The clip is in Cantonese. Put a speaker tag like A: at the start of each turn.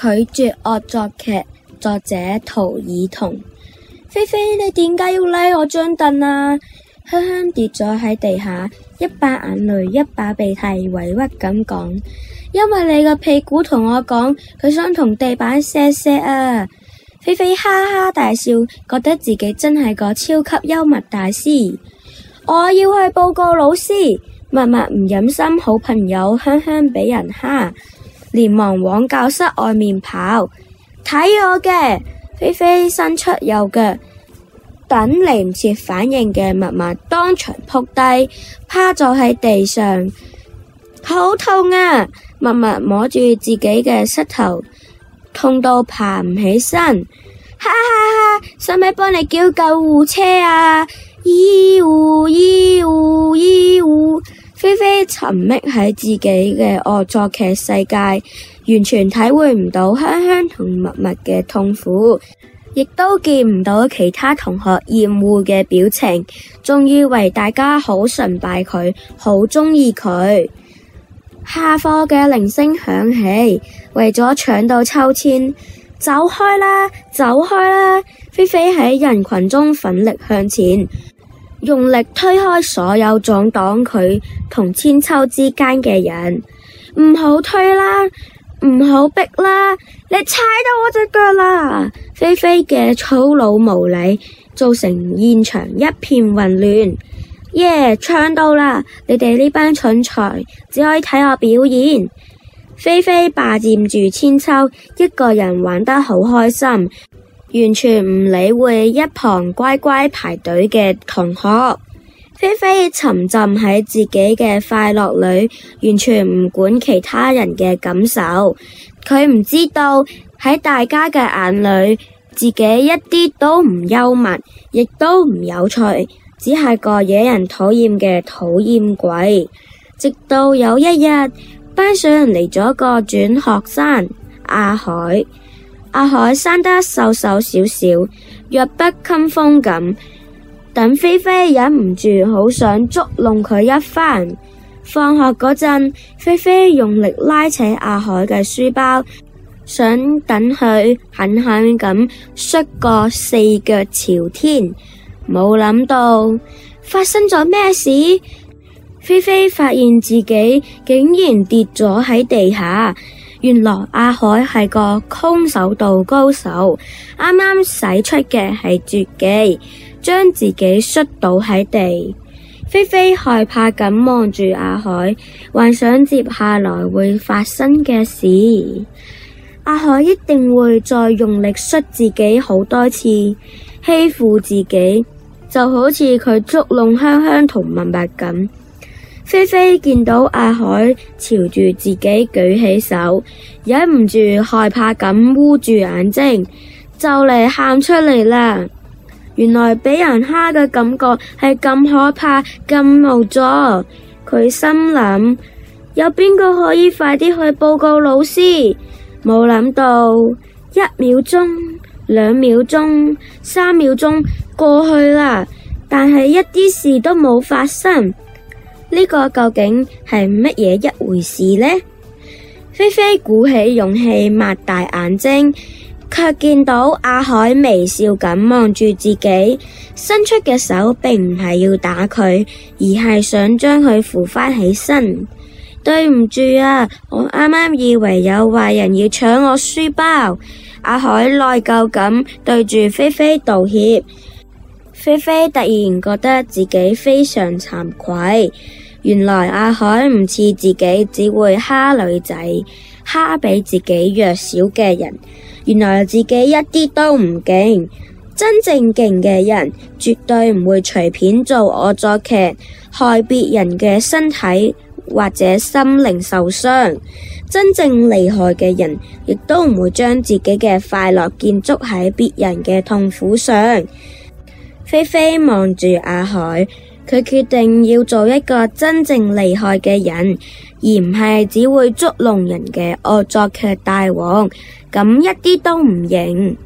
A: 拒絕惡作劇，作者陶以彤。菲菲，你點解要拉我張凳啊？香香跌咗喺地下，一把眼淚一把鼻涕，委屈咁講。因為你個屁股同我講，佢想同地板錫錫啊！菲菲哈哈大笑，覺得自己真係個超級幽默大師。我要去報告老師，默默唔忍心，好朋友香香俾人蝦。連忙往教室外面跑，睇我嘅，菲菲伸出右腳，等嚟唔切反應嘅默默當場撲低，趴咗喺地上，好痛啊！默默摸住自己嘅膝頭，痛到爬唔起身。哈哈哈，哈！使唔使幫你叫救護車啊？醫護，醫護，醫護。菲菲沉溺喺自己嘅惡作劇世界，完全體會唔到香香同默默嘅痛苦，亦都見唔到其他同學厭惡嘅表情，仲以為大家好崇拜佢，好中意佢。下課嘅鈴聲響起，為咗搶到秋千，走開啦，走開啦！菲菲喺人群中奮力向前。用力推開所有阻擋佢同千秋之間嘅人，唔好推啦，唔好逼啦！你踩到我隻腳啦！菲菲嘅粗魯無禮造成現場一片混亂。耶，搶到啦！你哋呢班蠢材只可以睇我表演。菲菲霸佔住千秋，一個人玩得好開心。完全唔理會一旁乖乖排隊嘅同學，菲菲沉浸喺自己嘅快樂裏，完全唔管其他人嘅感受。佢唔知道喺大家嘅眼裏，自己一啲都唔幽默，亦都唔有趣，只係個惹人討厭嘅討厭鬼。直到有一日，班上嚟咗個轉學生，阿海。阿海生得瘦瘦少少，弱不禁風咁，等菲菲忍唔住，好想捉弄佢一番。放學嗰陣，菲菲用力拉扯阿海嘅書包，想等佢狠狠咁摔個四腳朝天。冇諗到發生咗咩事，菲菲發現自己竟然跌咗喺地下。原來阿海係個空手道高手，啱啱使出嘅係絕技，將自己摔倒喺地。菲菲害怕咁望住阿海，幻想接下來會發生嘅事。阿海一定會再用力摔自己好多次，欺負自己，就好似佢捉弄香香同文白咁。菲菲見到阿海朝住自己舉起手，忍唔住害怕咁摀住眼睛，就嚟喊出嚟啦。原來俾人蝦嘅感覺係咁可怕、咁無助，佢心諗有邊個可以快啲去報告老師？冇諗到，一秒鐘、兩秒鐘、三秒鐘過去啦，但係一啲事都冇發生。呢個究竟係乜嘢一回事呢？菲菲鼓起勇氣，擘大眼睛，卻見到阿海微笑咁望住自己，伸出嘅手並唔係要打佢，而係想將佢扶翻起身。對唔住啊，我啱啱以為有壞人要搶我書包。阿海內疚咁對住菲菲道歉。菲菲突然覺得自己非常慚愧，原來阿海唔似自己，只會蝦女仔，蝦比自己弱小嘅人。原來自己一啲都唔勁，真正勁嘅人絕對唔會隨便做惡作劇，害別人嘅身體或者心靈受傷。真正厲害嘅人亦都唔會將自己嘅快樂建築喺別人嘅痛苦上。菲菲望住阿海，佢決定要做一個真正厲害嘅人，而唔係只會捉弄人嘅惡作劇大王。咁一啲都唔認。